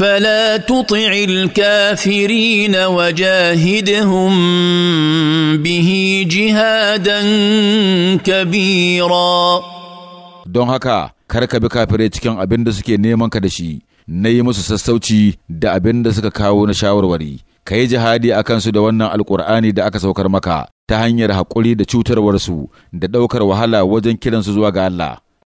فلا تطع الكافرين وجاهدهم به جهادا كبيرا don haka kar ka bi kafirai cikin abin da suke neman ka da shi na yi musu sassauci da abin da suka kawo na shawarwari ka yi jihadi a kansu da wannan alkur'ani da aka saukar maka ta hanyar haƙuri da cutarwarsu da ɗaukar wahala wajen kiransu zuwa ga Allah